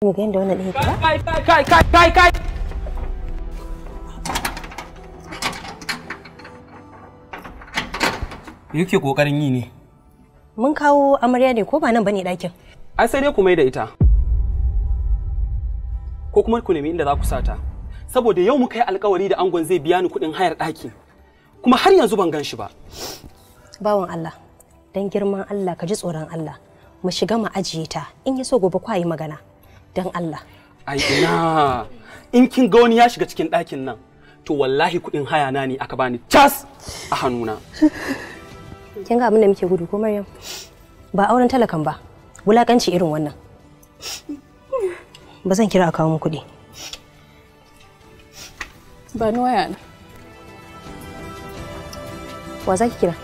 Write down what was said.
Mu ga yadda wannan ɗin yake ba? Kai kai kai kai Yake kokarin yi ne. Mun kawo amarya ne ko ba nan bane ɗakin. Ai sai dai ku mai da ita. Ko kuma ku nemi inda za ku sata. Saboda yau muka yi alkawari da angon zai biya ni kuɗin hayar ɗaki. Kuma har yanzu ban gan shi ba. Bawan Allah, dan girman Allah ka ji tsoron Allah. Mu shiga mu ajiye ta in ya so gobe kwa yi magana. dan Allah. Ai ina in kin ga wani ya shiga cikin ɗakin nan to wallahi kuɗin haya na ne aka bani cas a hannuna. Kin ga abin da muke gudu ko Maryam? Ba auren talakan ba, wulakanci irin wannan. Ba zan kira a kawo kuɗi. Ba ni waya Wa za ki kira?